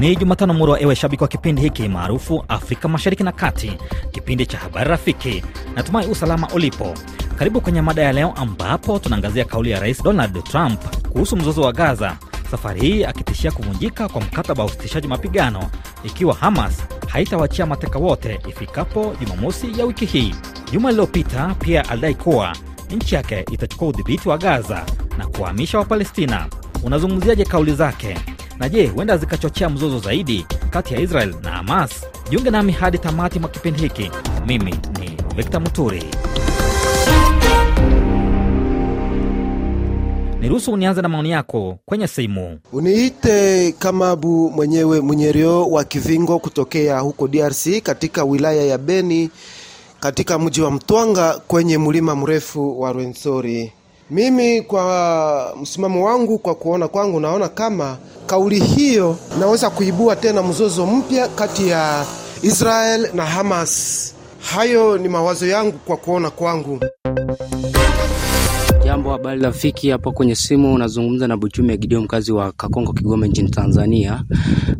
Ni Jumatano muro ewe shabiki wa kipindi hiki maarufu Afrika Mashariki na Kati, kipindi cha habari rafiki. Natumai usalama ulipo. Karibu kwenye mada ya leo, ambapo tunaangazia kauli ya Rais Donald Trump kuhusu mzozo wa Gaza, safari hii akitishia kuvunjika kwa mkataba wa usitishaji mapigano ikiwa Hamas haitawachia mateka wote ifikapo Jumamosi ya wiki hii. Juma lililopita pia alidai kuwa nchi yake itachukua udhibiti wa Gaza na kuwahamisha Wapalestina. Unazungumziaje kauli zake, na je, huenda zikachochea mzozo zaidi kati ya Israel na Hamas? Jiunge nami hadi tamati mwa kipindi hiki. Mimi ni vikta Muturi. Niruhusu nianze na maoni yako kwenye simu. Uniite Kamabu mwenyewe mwenyerio wa Kivingo kutokea huko DRC katika wilaya ya Beni katika mji wa Mtwanga kwenye mlima mrefu wa rwensori mimi kwa msimamo wangu, kwa kuona kwangu, naona kama kauli hiyo naweza kuibua tena mzozo mpya kati ya Israel na Hamas. Hayo ni mawazo yangu kwa kuona kwangu. Jambo, habari rafiki. Hapo kwenye simu unazungumza na Buchumi Gideon, mkazi wa Kakongo, Kigoma nchini Tanzania.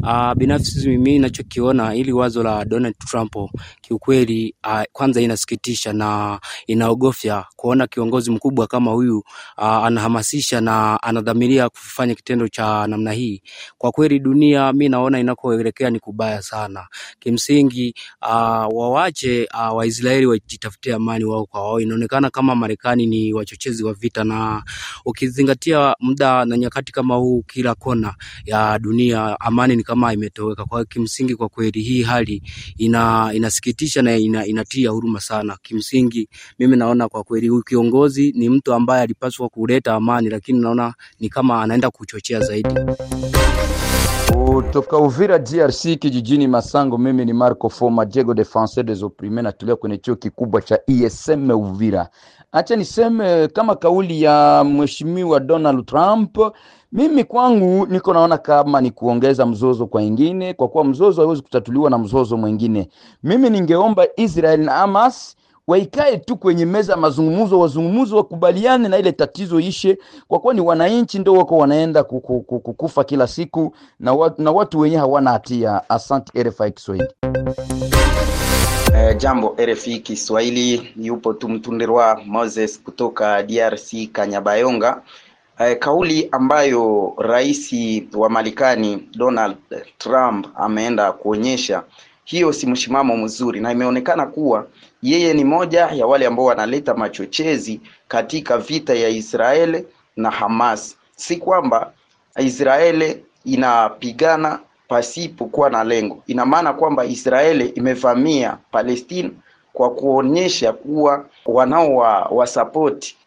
Uh, binafsi mimi ninachokiona ili wazo la Donald Trump kiukweli, uh, kwanza inasikitisha na inaogofya kuona kiongozi mkubwa kama huyu uh, anahamasisha na anadhamiria kufanya kitendo cha namna hii. Kwa kweli dunia mimi naona inakoelekea ni kubaya sana. Kimsingi uh, wawache uh, Waisraeli wajitafutie amani wao kwa wao. Inaonekana kama Marekani ni wachochezi wa vita, na ukizingatia muda na nyakati kama huu, kila kona ya dunia amani ni kama imetoweka. Kwa kimsingi, kwa kweli hii hali ina, inasikitisha na ina, inatia huruma sana. Kimsingi mimi naona kwa kweli huyu kiongozi ni mtu ambaye alipaswa kuleta amani, lakini naona ni kama anaenda kuchochea zaidi. Kutoka Uvira DRC kijijini Masango, mimi ni Marco Foma Diego Defenseur des Opprimes, natulia kwenye chuo kikubwa cha ISM Uvira. Acha niseme kama kauli ya mheshimiwa Donald Trump, mimi kwangu niko naona kama ni kuongeza mzozo kwa ingine, kwa kuwa mzozo haiwezi kutatuliwa na mzozo mwingine. Mimi ningeomba Israel na Hamas waikae tu kwenye meza mazungumuzo, wazungumuzo, wakubaliane na ile tatizo ishe, kwa kuwa ni wananchi ndio wako wanaenda kukufa kila siku na watu, na watu wenye hawana hatia. Asante RFI Kiswahili. Uh, jambo RFI Kiswahili, yupo tumtundirwa Moses kutoka DRC Kanyabayonga. Uh, kauli ambayo rais wa Marekani Donald Trump ameenda kuonyesha hiyo si msimamo mzuri, na imeonekana kuwa yeye ni moja ya wale ambao wanaleta machochezi katika vita ya Israeli na Hamas. Si kwamba Israeli inapigana pasipo kuwa na lengo, ina maana kwamba Israeli imevamia Palestina kwa kuonyesha kuwa wanao wa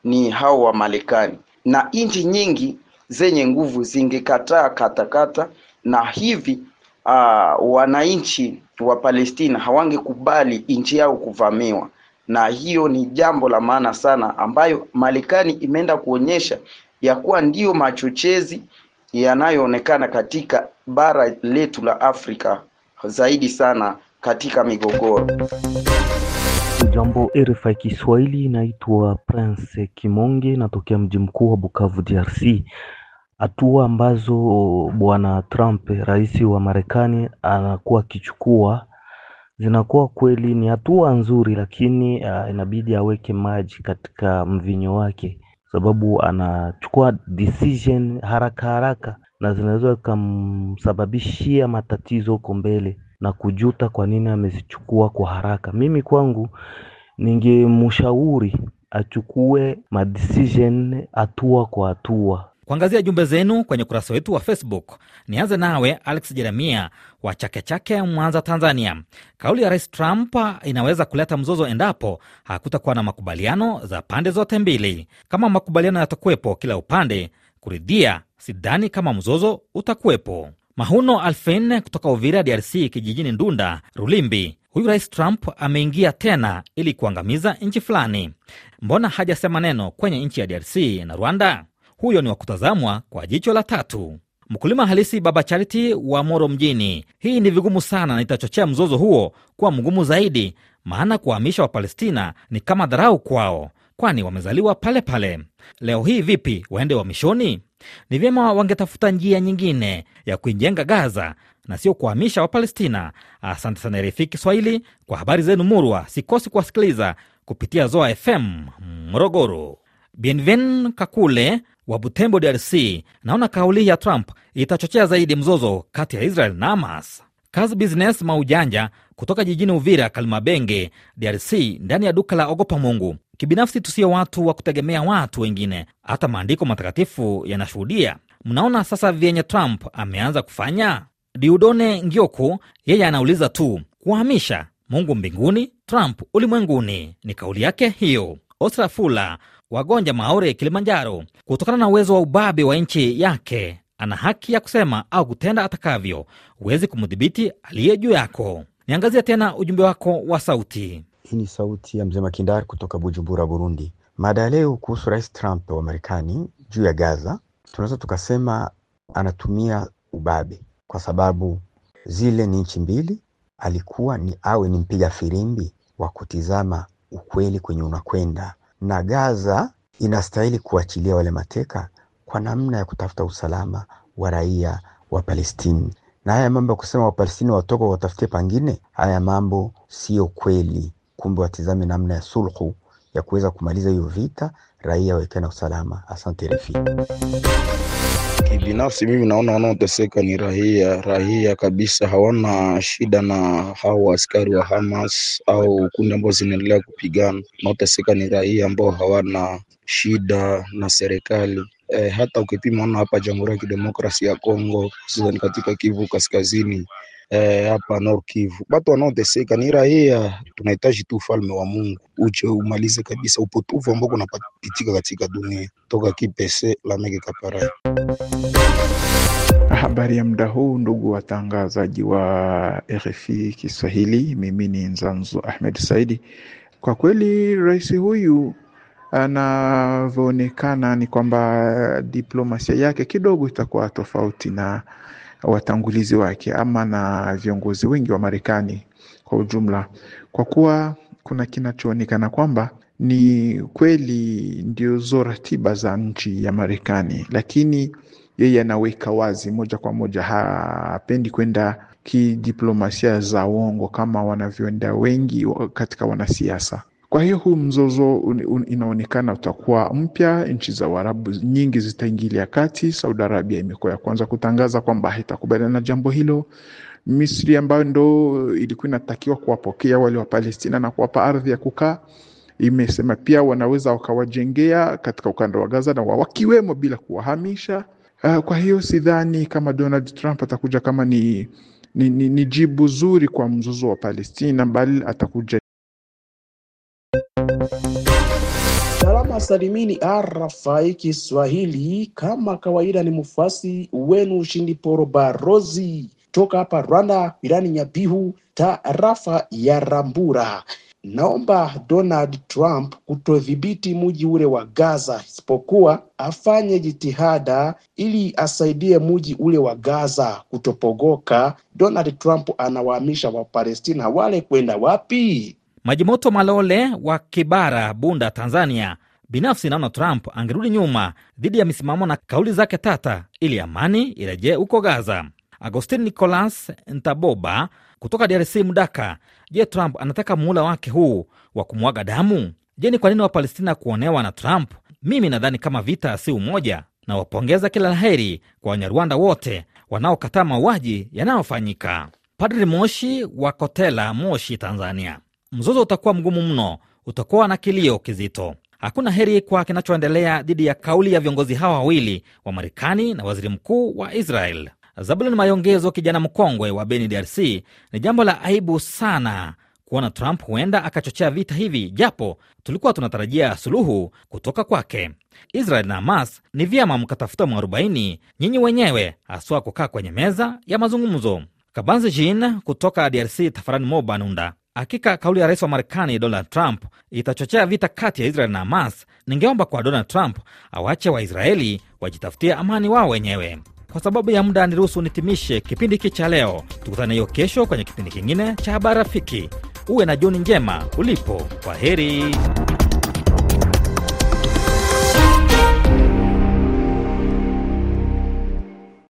ni hao wa Marekani, na nchi nyingi zenye nguvu zingekataa katakata, na hivi uh, wananchi Wapalestina hawangekubali nchi yao kuvamiwa, na hiyo ni jambo la maana sana, ambayo Marekani imeenda kuonyesha ya kuwa ndiyo machochezi yanayoonekana katika bara letu la Afrika zaidi sana katika migogoro. Jambo RFI Kiswahili, inaitwa Prince Kimonge, natokea mji mkuu wa Bukavu, DRC. Hatua ambazo bwana Trump, rais wa Marekani, anakuwa akichukua zinakuwa kweli ni hatua nzuri, lakini uh, inabidi aweke maji katika mvinyo wake, sababu anachukua decision haraka haraka na zinaweza kumsababishia matatizo huko mbele na kujuta kwa nini amezichukua kwa haraka. Mimi kwangu ningemshauri achukue ma decision hatua kwa hatua kuangazia jumbe zenu kwenye ukurasa wetu wa Facebook. Nianze nawe Alex Jeremia wa Chake Chake, Mwanza, Tanzania. Kauli ya Rais Trump inaweza kuleta mzozo endapo hakutakuwa na makubaliano za pande zote mbili. Kama makubaliano yatakuwepo kila upande kuridhia, sidhani kama mzozo utakuwepo. Mahuno Alfen kutoka Uvira, DRC, kijijini Ndunda Rulimbi. Huyu Rais Trump ameingia tena ili kuangamiza nchi fulani. Mbona hajasema neno kwenye nchi ya DRC na Rwanda? huyo ni wa kutazamwa kwa jicho la tatu. Mkulima halisi Baba chariti wa Moro mjini, hii ni vigumu sana na itachochea mzozo huo kuwa mgumu zaidi, maana kuwahamisha Wapalestina ni kama dharau kwao, kwani wamezaliwa pale pale. Leo hii vipi waende wamishoni Ni vyema wangetafuta njia nyingine ya kuijenga Gaza na sio kuhamisha Wapalestina. Asante sana RFI Kiswahili kwa habari zenu murwa. Sikosi kuwasikiliza kupitia Zoa FM Morogoro. Bienven Kakule wa Butembo, DRC, naona kauli ya Trump itachochea zaidi mzozo kati ya Israel na Hamas. Kazi Business Maujanja kutoka jijini Uvira, kalimabenge DRC, ndani ya duka la Ogopa Mungu. Kibinafsi, tusio watu wa kutegemea watu wengine, hata maandiko matakatifu yanashuhudia. Mnaona sasa vyenye Trump ameanza kufanya? Diudone Ngioku yeye anauliza tu kuhamisha Mungu mbinguni, Trump ulimwenguni. Ni kauli yake hiyo. Osra Fula wagonja maore Kilimanjaro kutokana na uwezo wa ubabe wa nchi yake. Ana haki ya kusema au kutenda atakavyo, huwezi kumdhibiti aliye juu yako. Niangazia tena ujumbe wako wa sauti. Hii ni sauti ya mzee Makindari kutoka Bujumbura, Burundi. Mada ya leo kuhusu Rais Trump wa Marekani juu ya Gaza, tunaweza tukasema anatumia ubabe, kwa sababu zile ni nchi mbili. Alikuwa ni awe ni mpiga firimbi wa kutizama ukweli kwenye unakwenda, na Gaza inastahili kuachilia wale mateka kwa namna ya kutafuta usalama wa raia wa Palestini. Na haya mambo ya kusema Wapalestini watoka watafutie pangine, haya mambo sio kweli. Kumbe watizame namna ya sulhu ya kuweza kumaliza hiyo vita, raia wakiwa na usalama. Asante Refi. Kibinafsi mimi naona wanaoteseka ni raia, raia kabisa hawana shida na hao askari wa Hamas au kundi ambao zinaendelea kupigana. Wanaoteseka ni raia ambao hawana shida na serikali. E, hata ukipima ona hapa Jamhuri ya Kidemokrasia ya Kongo hususani katika Kivu Kaskazini Eh, hapa eh, Nord Kivu. wanaoteseka ni raia, tunahitaji tu ufalme wa Mungu uje umalize kabisa upotovu ambao kunapitika katika dunia. Toka Kipese Mege Kapara. Habari ya muda huu, ndugu watangazaji wa RFI Kiswahili, mimi ni Nzanzu Ahmed Saidi. Kwa kweli rais huyu anavyoonekana ni kwamba diplomasia yake kidogo itakuwa tofauti na watangulizi wake ama na viongozi wengi wa Marekani kwa ujumla, kwa kuwa kuna kinachoonekana kwamba ni kweli ndiozo ratiba za nchi ya Marekani, lakini yeye anaweka wazi moja kwa moja, hapendi kwenda kidiplomasia za uongo kama wanavyoenda wengi katika wanasiasa. Kwa hiyo huu mzozo un, un, inaonekana utakuwa mpya. Nchi za uarabu nyingi zitaingilia kati. Saudi Arabia imekuwa ya kwanza kutangaza kwamba haitakubaliana na jambo hilo. Misri ambayo ndo ilikuwa inatakiwa kuwapokea wale wa Palestina na kuwapa ardhi ya kukaa imesema pia wanaweza wakawajengea katika ukanda wa Gaza na wakiwemo bila kuwahamisha. Uh, kwa hiyo sidhani kama Donald Trump atakuja kama ni, ni, ni, ni jibu zuri kwa mzozo wa Palestina, bali atakuja Salama salimini RFI Kiswahili, kama kawaida ni mfuasi wenu Ushindi Poro Barozi toka hapa Rwanda, wilani Nyabihu, tarafa ya Rambura. Naomba Donald Trump kutodhibiti muji ule wa Gaza, isipokuwa afanye jitihada ili asaidie muji ule wa Gaza kutopogoka. Donald Trump anawahamisha Wapalestina wale kwenda wapi? Majimoto Malole wa Kibara, Bunda, Tanzania. Binafsi naona Trump angerudi nyuma dhidi ya misimamo na kauli zake tata ili amani irejee huko Gaza. Agostin Nicolas Ntaboba kutoka DRC, Mdaka. Je, Trump anataka muhula wake huu wa kumwaga damu? Je, ni kwa nini Wapalestina kuonewa na Trump? Mimi nadhani kama vita si umoja, na wapongeza kila laheri kwa Wanyarwanda wote wanaokataa mauaji yanayofanyika. Padri Moshi wa Kotela, Moshi, Tanzania mzozo utakuwa mgumu mno, utakuwa na kilio kizito. Hakuna heri kwa kinachoendelea dhidi ya kauli ya viongozi hawa wawili wa Marekani na waziri mkuu wa Israel. Zabulon Mayongezo, kijana mkongwe wa Beni, DRC: ni jambo la aibu sana kuona Trump huenda akachochea vita hivi, japo tulikuwa tunatarajia suluhu kutoka kwake. Israel na Hamas ni vyema mkatafuta mwarobaini nyinyi wenyewe, haswa kukaa kwenye meza ya mazungumzo. Kabanzi Jin kutoka DRC, Tafarani Mobanunda. Hakika kauli ya rais wa Marekani Donald Trump itachochea vita kati ya Israel na Hamas. Ningeomba kwa Donald Trump awache Waisraeli wajitafutie amani wao wenyewe. Kwa sababu ya muda, niruhusu nitimishe kipindi hiki cha leo. Tukutane hiyo kesho kwenye kipindi kingine cha Habari Rafiki. Uwe na jioni njema ulipo. Kwa heri.